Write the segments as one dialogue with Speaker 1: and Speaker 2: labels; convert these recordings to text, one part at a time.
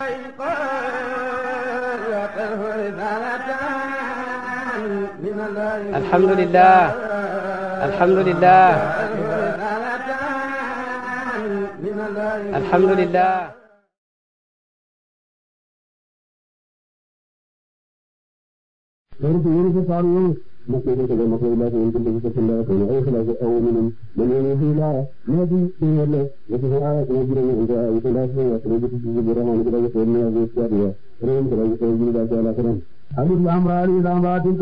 Speaker 1: alhamdulilah alhamdulilah alhamdulilah.
Speaker 2: loolu مسجد كذا مقر الله في كل شيء في الله كنا أي خلاص أو منهم من يوم في لا ما في من ولا يسوع على كل جرم عند أي خلاص هو كل شيء في جرم عند كذا كل ما في سيرة رين كذا كل جرم كذا على كلام أبي الأمر علي الأمر عليك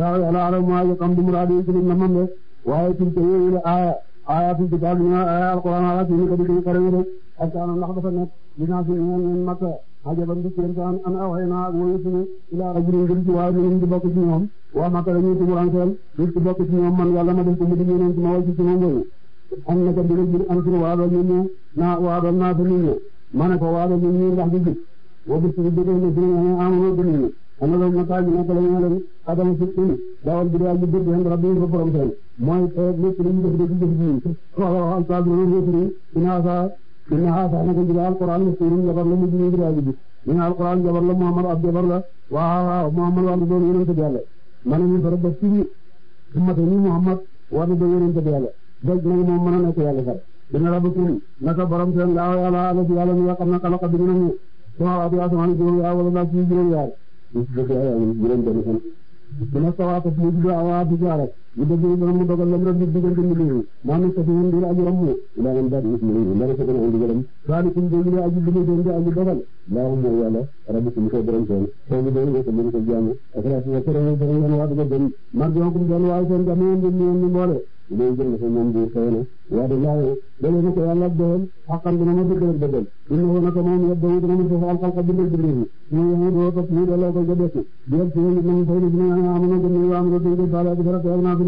Speaker 2: لا لا على ما يقام بمر علي كل ما من وهاي كل شيء إلى آية آية في الكتاب آية القرآن على كل كذا كذا كذا أشان الله بفنك بناس من مكة ajaban bi seen sa an awxeenaa ak woyu suñu ilaa rajulin ngir ci waaye mënum di bokk ci ñoom waa Makka dañuy tumurankeel di ci bokk ci ñoom man yàlla ma def ko mu di ñeneen ci ma way ci suma mboyu am na ka mbiri bir ansur waadoo ñu ñu naa waadoo naa fi ñu ma ne ko waadoo ñu ñu ndax di wa bis bi dëgg na suñu ne amono gën ñu ana la ma taaj na ko la ñu leen xadam ci suñu dawal bi daa jub rabbi ko borom seen mooy eh, lépp lu ñu def dëgg jëf ji wala altaas ma ñu def innaha sax naka njëga alquran masirin jabar la mujj ngir aji bi inna alquran jabar la muhammad ab jabar la waaw waaw muhammad war na doon yonente bi yàlla ma ne ñu fa ba ci ummata ni muhammad war na doon yonente bi yàlla doj nag moom mën a nekk yàlla sax dina rabbukum naka borom seen laaw yàlla ala si yàlla mi nga xam ne xalaqa bi nga nañu sama waatu asamaan juróom yaar wala laa ci juróom yaar dina sawaata fi ñu jubloo awaa bi jaara mu def lu mu dogal lam rek nit diggante mu léegi maa ngi sa fi ñu dina aju ramu ila man daal nit mu léegi la sa gën a indi gërëm baani kum doon ñu aju lu mu doon di aju dogal laaw mooy rabbi kum ko borom seen seen doon ko mu ko jaamu ak rasu ko ko ko ko wa ko dem mar jokum doon waaw seen jamono ñu ñu mboole ñu jël na seen moom waaw de waaye dana ko yàlla doon xaqan dina ma dëggal dëggal dina ko naka moom yëpp dana dina ma foofu alxalqa bindal bindal yi ñu ñu do ko ñu delloo ko ga dëkk di yëpp ci ñu fay dina na am na gëm ñu am do dëggal bala bi dara ko na fi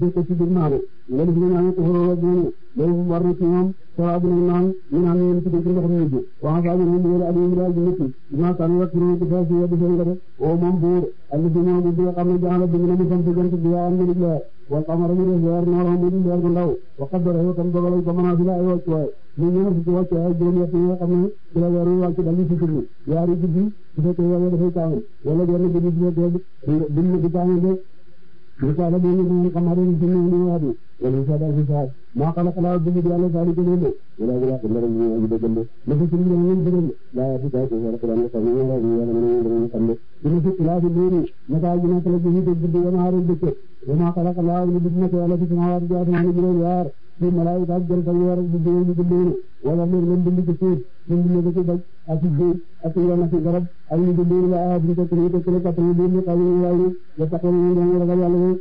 Speaker 2: de ko ci dum naaru ngeen dina na ko horo ak ñu do war na ci ñoom sawab na naan ñu naan ñu ci dëgg ndox ñu ji wa fa ñu ñu wala ali ibra ji nit ma tan wa ci ñu fa ci yëpp ci ngada o moom buur ali bi ñoo bi xam na jaala bi ñu ñu sant jant bi ya am ni la wa qamara ñu leer nooro mu leer gu ndaw wa qadara ko tam dogalal ba mën a fila ay wàccuwaay ñun ñoo fukki wàccuwaay ak juróom-ñett yi nga xam ne ci la weer wi wàcc dañuy sukkandiku yaari guddi bu fekkee weer wi dafay tàng wala benn guddi bu fekkee buñ la di tàng de bu saala bi ñu doon xam ne ci ñu ñu wax ni wala sa dal ci sa ma xala xala bu ñu yàlla sa li ko ñu wala wala ko la ñu ñu dëggal ne ko ci ñu ñu dëggal la ya fi ta ko wala ko ñu xam ñu wax ñu wala ñu ñu xam ne ñu ci ila bi ñu na ka ñu na ko ñu dëggal ñu na haru dëkk ma xala xala ñu dëggal ko wala ci ma war jaatu ma ñu yar ci malaayika ak jël sa weer ak si biir wala mu leen dund ci suuf ñu dundee ko ci daj ak si géej ak si yoon si garab ak ñu dundee ba ah bu fekk ñu fekk rek ak ñu dund xaw ma ñu waaye ñu ba taxaw ñu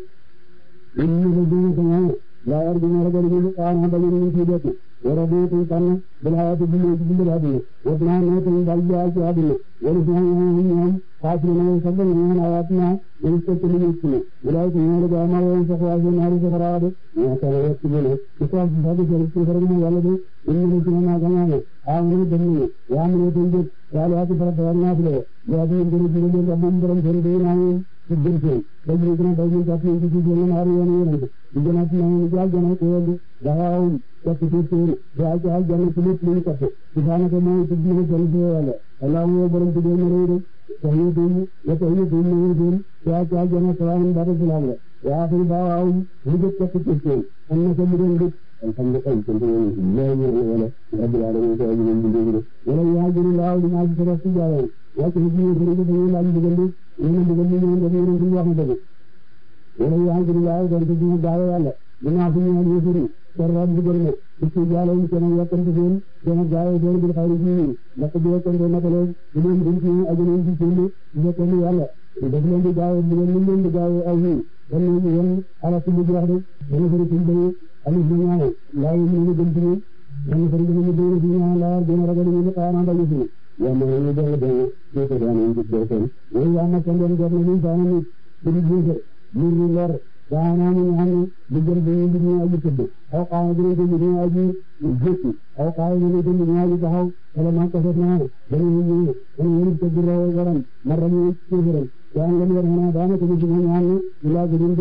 Speaker 2: laa yarjuuna rabbahum liqaa'an bañ ñu ci dëkk wara bu ci tan bil hayaati dunya ci dund àddina wax naa ne tey dal jaar ci àddina wala bu ñu ñoom na sa bëgg ñu ci ci wala ci ñu la ma woon sax waa ci naaru sa xaraad ñu ko wax ci ñu ci ko ci sabu ci ci xaraad ñu yàlla ci na ga na ah ñu dem ñu ya mu ñu dem yàlla ci fa na fi ci buntu dañuy gën a daw ñu jàpp ñu ci ci ñu naaru yoon yonent di gën a ci ñu jaal gën a ko yóbbu daaw wala Allah mo borom ci doon réew de ko ñu doon ya ko ñu doon ñu doon daa jaal gën ci waan ba ci laam la ya fi baaw ñu jëk topp ci seen am na ko mu nga ay ci doon ñu lay ñu waaye ci biir biir bi dañuy laaj ndigal li ñu ne ndigal li ñoom dañuy doon suñu wax dëgg wala yaa ngi gën a yaay donte suñu baaye yàlla dinaa fi ñëwaat ñu firi sarwaat ndigal ma di ci jaale ñu seen yokkante seen seen gaaye seen bil xayri fi ñun ndax bu yokkante natalee du leen dem ci ajana ci jënd di yokkante yàlla daf leen di gaaye ndigal ñu leen di gaaye aw yi kon ñu yéen ala ci mujj wax de dana firi suñu bëri alif na ñaare laa yi ñu gëm ci ñu dana firi dana ñu dëgër ci ñaan laa dina ragal ñu xaanaa dañu fi yow ma ñu jox de ñu ko doon ñu jox de yow yaa ma seen doon jox na ñu saana nit bu ñu jëfe ñu ñu lor daana mu ñu xam ne lu jël bu ñu aw xaay bu ñu tëdd ñu aji jëkki aw xaay bu ñu tëdd ñu aji taxaw wala ma ko fet naa dañu ñu ñu ñu tëdd raw waram maram ñu tëdd yaa ngi leen yor daana ko ñu ñu ñaan ñu la gëdum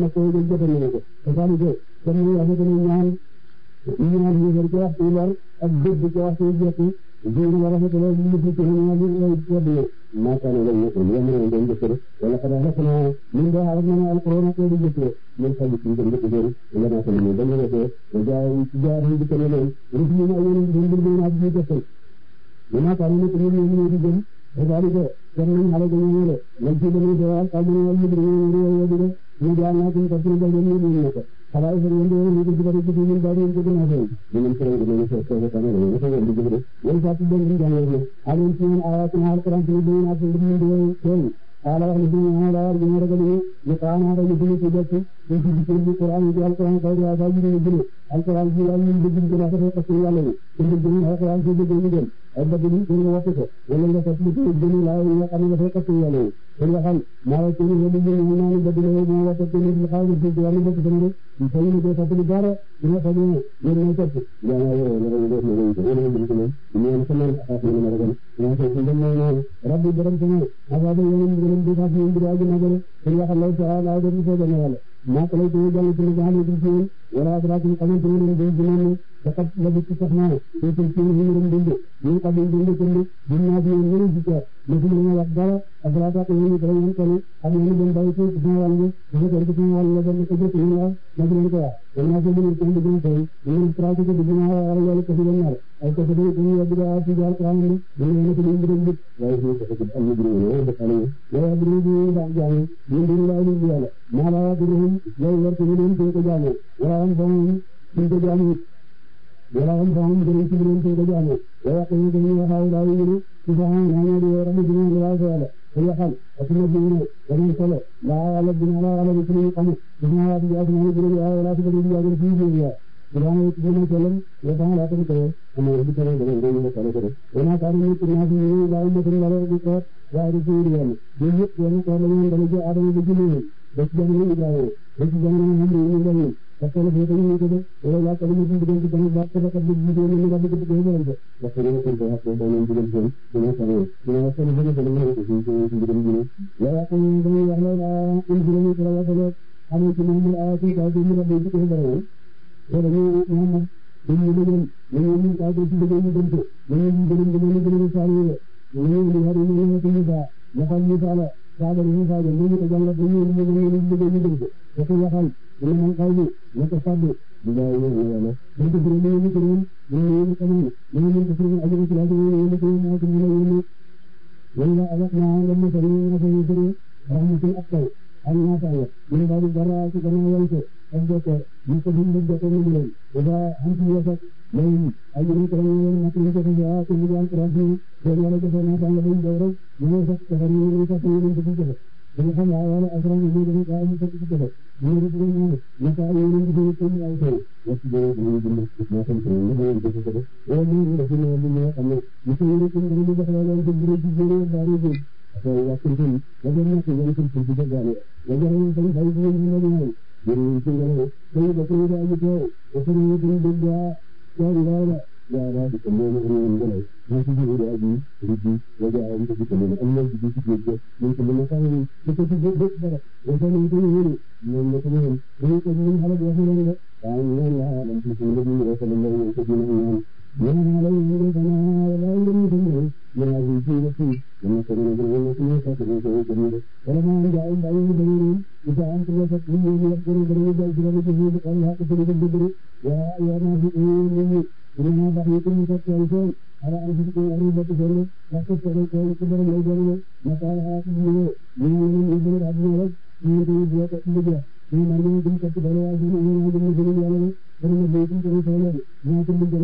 Speaker 2: ma ko jël jëfe ñu ko ko salu ko dañu yaa ko ñu ñaan ñu ñaan ñu ko wax ci lor ak dëgg ko wax jiiru ma rafet lool mu dugg na li ngay wedd ma kaana la ñu li am na dañ jëkkër wala xanaa rek na min ko di jëkkër min xali ci ngëm ko jëru la na ko ni dañ la ko jaay ci jaar ni ko leen ruf ñu na yeen ñu ngi ñu na ji jëkkër ma kaana ni ko ñu ñu di jëm daal ko jëm nañ xale dañ ñu le lañ ci dañu do al qamu al mudri ñu ñu di ñu jaana ko ko ñu ñu xanaa yu bëri yéen dañoo yéen ñu ngi jublu ci ñun daal di leen jublu naa seen. ñu ngi ci réew mi ñu ngi soog a tànn ñu ngi soog a indi jublu. yéen saa si dégg ñu jàngal ñu. Aliou ci ñun ayatina alquran ci ñun wax ne bi ñu naan ne ko ana dañu bëgg ci lépp ci ci ci Qur'an ci alquran ko ya ba ñu bëgg alquran ci yàlla ñu bëgg ci dafa ko ci yàlla ni ci bëgg ñu alquran ci bëgg ñu gën ay bëgg ñu ñu wax ko wala nga tax ci bëgg la ñu xam nga dafa ko ci yàlla ni ko nga xam ma la ci ñu ñu ñu ñu bëgg la ñu wax ko ñu xaar ci ci yàlla bëgg dem rek ñu fay ñu def ci dara ñu fa ñu ñu ñu tax ya ya la ñu def ñu ñu ñu ñu ñu sama xaar ñu ma rek ñu ci ñu ñu rabbi borom ci ñu aba ba ñu ñu ñu di fa ñu di aju na pour nga xam ne sa laay def ci sa yàlla maa ko lay déglu jàll ci li nga xam ne ci yéen wala ak rajo yi xamante ne leen bés bu mel ni dafa la bëgg sax naa te ci ci ñu doon dund ñu xam ne dund dund dund naa bi ñu ngi ci ñu fi ñu wax dara ak la tax ñu dara ñu ko ak ñu ñu bay ci ci wàllu ñu ko ci wàllu la dañ ko ci ñu la na ñu ko wax ñu ko ñu ko ñu ko ñu traité ci bi ñu wax wala ko ci ñu ñal ay ko ci ñu ya bi da ci jaar ko ñu ñu ko ñu ñu ñu way ñu ko ci am ñu ñu ko ñu ya bi ñu da jaay ñu ñu la ñu yalla ma la bi ñu ñu war ko ñu ko jaamu wala am ba ñu ko jaamu wala am ba ñu ko jaamu wala ko ñu ko jaamu سبحان الذي يرمي من الله تعالى ويحل وكل دين ومن صلى لا على الدين ولا على بكل قوم بما يأتي أثناء الجر بها ولا تبدو بها غير في جنيا سبحان الذي يرمي سلم يفعل لا تنكر أما يبدو كما يبدو كما يبدو كما يبدو وما كان من كل هذه لا أمة ولا ذكر غير في اليوم جزء ومن كان من درجة آدم بجنيه بس جنيه إبراهيم بس جنيه هم إبراهيم parce que nag ñoo ko ñëwee ko de loolu laa ko doon ñu diggante ba mu baax te ba kat bi jigéen ñi nga bëgg bëgg ñoom de. parce que ñoo ko doon wax ne dañoo diggante ñoom dañoo sori ñoom seen bëgg bëgg ñoom aussi ñu ngi diggante ñoom. yow ak ñoom dañuy wax ne daa une juróomi pour wax ne amul ci lu mu ah ci kaw bi mu rëdd ci kaw bëri yow dañuy moom dañuy dëgën dañuy ñu kaw ci dëgën ñu dëntu dañuy ñu dëgën dëgën dëgën saa yi la dañuy ñu war ñu ñu ci ñu saa ñu xam ñu saa la saa ba ñu saa ba ñu ko jàngat dañuy ñu dëgën ñu dëgën ñu dëntu asra yi ñu dañu kaa ñu fekk ci defe ñu ri ñu ñu ñu kaa ñu ñu ñu ko ñu ay tay wax ci dañu ñu ñu ñu ko ñu ñu ñu ko def wala ñu ñu def ñu ñu ñu xam ne ñu ko ñu ko ñu def la ñu ko ñu ci jëre ba ru ko ko wax ko ñu la ñu ko ñu ko ci ci jëgaane la ñu ñu ko ñu ñu ñu ñu ñu ñu ko ñu ko ñu ko ñu ko ñu ko ñu ko ñu ko ñu ko ñu ko ñu ko ñu ko ñu ko ñu ko ñu ko لا لا تكلموا من غير ما تجيبوا لأبي ربي وجاء أن تتكلموا أن يجب تجيبوا من كل مكان تتجيبوا بكثرة وكان يتجيبوا من مكان ويتجيبوا على بأسنا ñu jëf ñu jëf ñu man ñu a ko ci bala wa ñu ñu ñu ñu ñu ñu ñu ñu ñu ñu ñu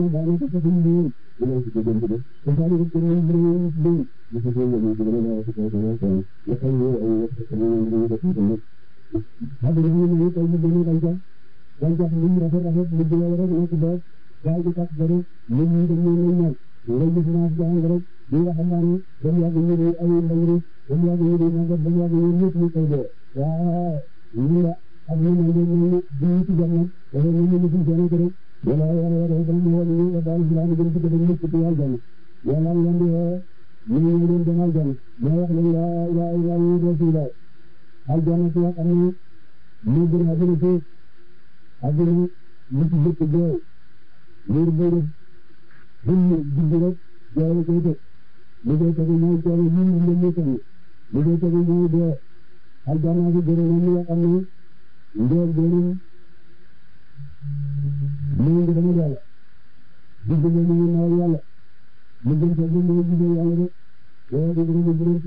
Speaker 2: waaw wala yàlla yàlla dafa doon wàññi ñu nga daal di naan gën ci gën a mucc ci aljana yàlla ngeen di woo ñu ngi leen dem aljana moo wax leen laa ilaaha illa hu rasulullah aljana si wax am na mu gën a gën a suuf aljana lu ci jëkk jooy liir bay def xim jubbi rek jooy koy tëj li koy tegu mooy jooy yi ñu ngi leen tegu li koy tegu mooy dee aljana si gën a ñu wax am na ndóol gënum mu ngi demul yàlla di jóge mu ngi naw yàlla mu jëm sa jëm mu jóge yàlla rek yàlla di jóge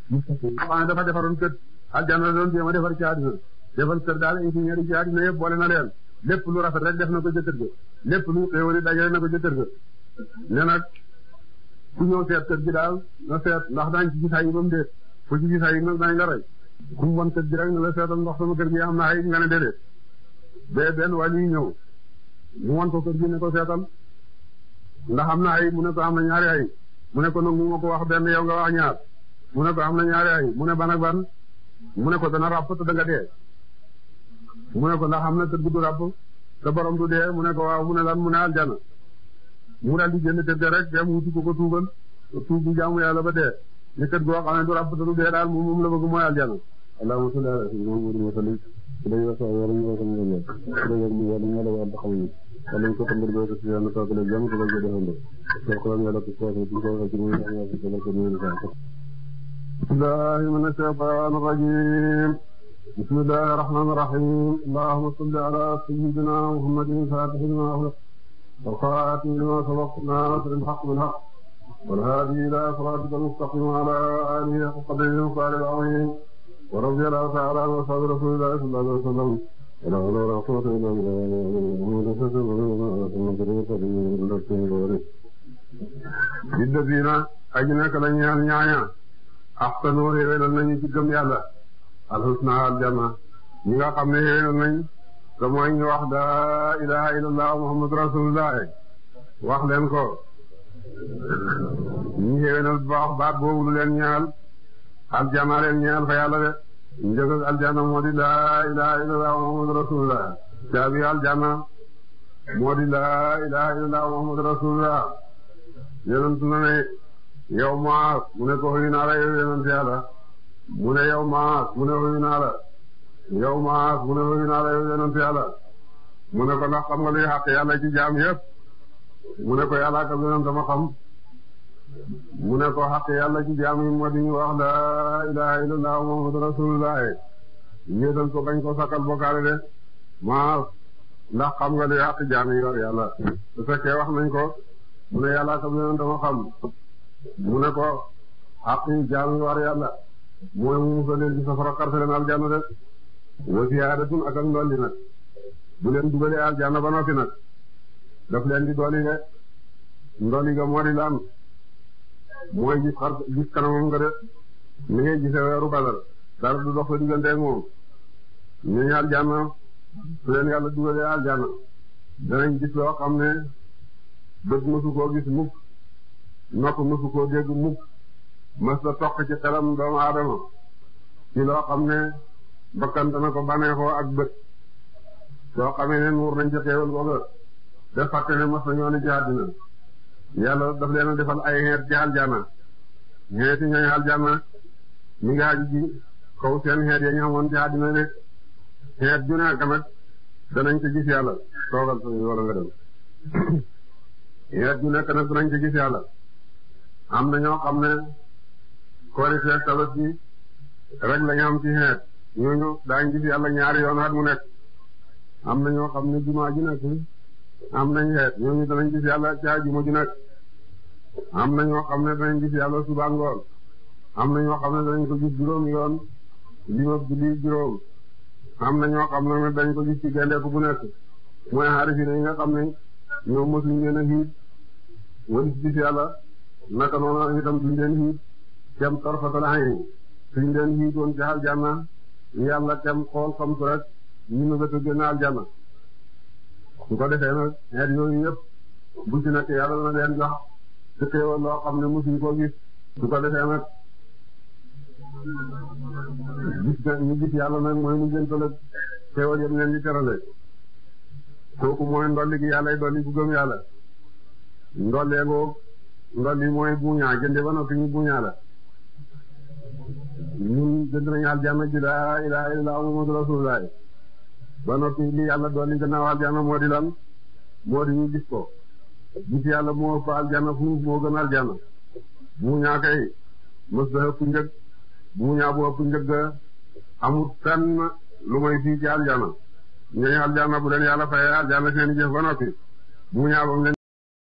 Speaker 1: juróom dafa defaroon kër aljanna jan doon jéem a defar ci àddina defal kër daal ingénieur yi ci àddina boole na leen lépp lu rafet rek def na ko jëkkër ga lépp lu na ko jëkkër ga ne nag ku ñëw seet kër gi daal na seet ndax daañ ci gis ayibam déet fu ci gis ayib nag daañ rey ku mën tëj bi rek ne la seetal ndox sama kër gi am na ay nga ne déedéet bee benn wàllu ñëw mu wan ko kër gi ne ko seetal ndax am na ay mu ne ko am na ñaari ay mu ne ko nag ko wax benn yow nga wax ñaar mu ne am na ñaari mu ne ban ban mu ne ko dana ràpp te danga dee mu ne ko ndax am na kër gi du ràpp te borom du dee mu ne ko waaw mu ne lan mu ne aljana mu daal di génn kër ga rek dem wuti ko ko tuubal tuub bi jaamu yàlla ba dee. yëkkat goo xam ne du ràpp te du dee daal moom moom la bëgg mooy aljana allahumma salli ala sayyidina muhammadin wa sallim ilayhi wa sahbihi wa sallam wa sallam ilayhi wa sallam wa sallam xamni wala ñu ko tambal do ci yalla ko ko jëm ko
Speaker 2: ko defal do ko ko yalla ko ko ko ko ci ñu ñu ci ko ko ñu ko
Speaker 1: الله من الشيطان الرجيم بسم الله الرحمن الرحيم اللهم صل على سيدنا محمد فاتح لما أغلق وخاتم لما سبق ناصر الحق بالحق والهادي إلى صراطك المستقيم على آله حق قدره وقال العظيم ورضي الله تعالى عن أصحاب رسول الله صلى الله عليه وسلم إلى غير رحمة إلا بالله للذين aji nekk la ñaan ñaaña axsanu réewénal nañu ci gëm yàlla alxusna aljanna ñi nga xam ne réewénal nañ te mooy ñu wax la ilaha illallah muhammadu rasulullah wax leen ko ñu yéwénal baax baat boobu lu leen ñaal aljana leen ñaal fa yàlla de njëg ak laa ilaha illallah muhammadu rasulullah caabi aljana moo di laa ilaha illallah muhammadu rasulullah yonent na ne mu ne ko xuyu naa la yow yonent mu ne ko ndax xam nga luy xàq yàlla ci mu ne ko yàlla ak leneen dama xam mu ne ko xaq yàlla ci jaam yi moo di wax laa ilaha illallah muhammadu rasulullah ñeetal ko bañ ko sakkal bokkaale de ma ndax xam nga li xaq jaam war yàlla su fekkee wax nañ ko mu ne yàlla ak leneen dama xam mu ne ko xaq jaam yi war yàlla mu musal leen safara xarfe leen aljanna de wa ziyaadatun ak ak bu leen dugalee aljanna ba noppi nag daf leen di dolli de ndolli nga moo di lan mooy gis xar gis kanamam nga de ni ngay gisee weeru badar dara du dox sa diggante ak moom ñooñu aljanna su leen yàlla dugalee aljanna danañ gis loo xam ne bët mësu koo gis mukk nopp mësu koo dégg mukk mës la toq ci xelam doomu aadama ci loo xam ne bakkan dana ko baneexoo ak bët soo xamee ne nuur nañ ci xéewal googa da fàtte ne mos na ñoo ne ci àddina yàlla daf leen a defal ay xeet ci aljanna xeeti ñooñ aljanna mi ngi aju ci kaw seen xeet ya ñu amoon ci nekk nag yàlla toogal suñu wala nga ju nekk nag danañ ko gis yàlla am na ñoo xam ne koori feeg tabaski rek la ñu am ci xeet ñooñu daañ gis yàlla ñaari yoon at mu nekk am na ñoo xam ne jumaa ji nekk am nañ xeet ñooñu danañ gis yàlla caa juma ju nag am na xam ne danañ gis yàlla suba ngoon am xam ne danañ ko gis juróom yoon li ma li juróom am na ñoo xam ne dañ ko gis ci gendeeku bu nekk mooy xaarifi na yi nga xam ne ñoom mosuñ leen a xiit walis gis yàlla naka noonu itam duñ leen xiit kem torfatal ayni suñ leen xiitoon ci aljanna yàlla kem xool xam su rek ñu nga bëgg a génn aljanna su ko defee nag xeet yooyu yëpp bu ci nekk yàlla na leen jox su loo xam ne mosuñ koo gis su ko defee nag gis na ñu nag mooy mu jëntalag xéewal yëpp leen di terale kooku mooy ndolli gi yàlla dolli ku gëm yàlla ndollee ngoo ndolli mooy buñaa jënde ba noppi ñu buñaa la ñun jënd nañu aljanna ji laa ilaaha illa Muhammadu rasulullah ba noppi li yàlla dolli gannaaw aljanna moo di lan moo di ñu gis ko gis yàlla moo ëpp aljanna fu moo gën aljanna bu ñaa kay mës da ëpp njëg bu ñaa bu ëpp njëg amul fenn lu may fii ci aljanna ñooñu aljanna bu leen yàlla fayee aljanna seen jëf ba bu ñaa bam leen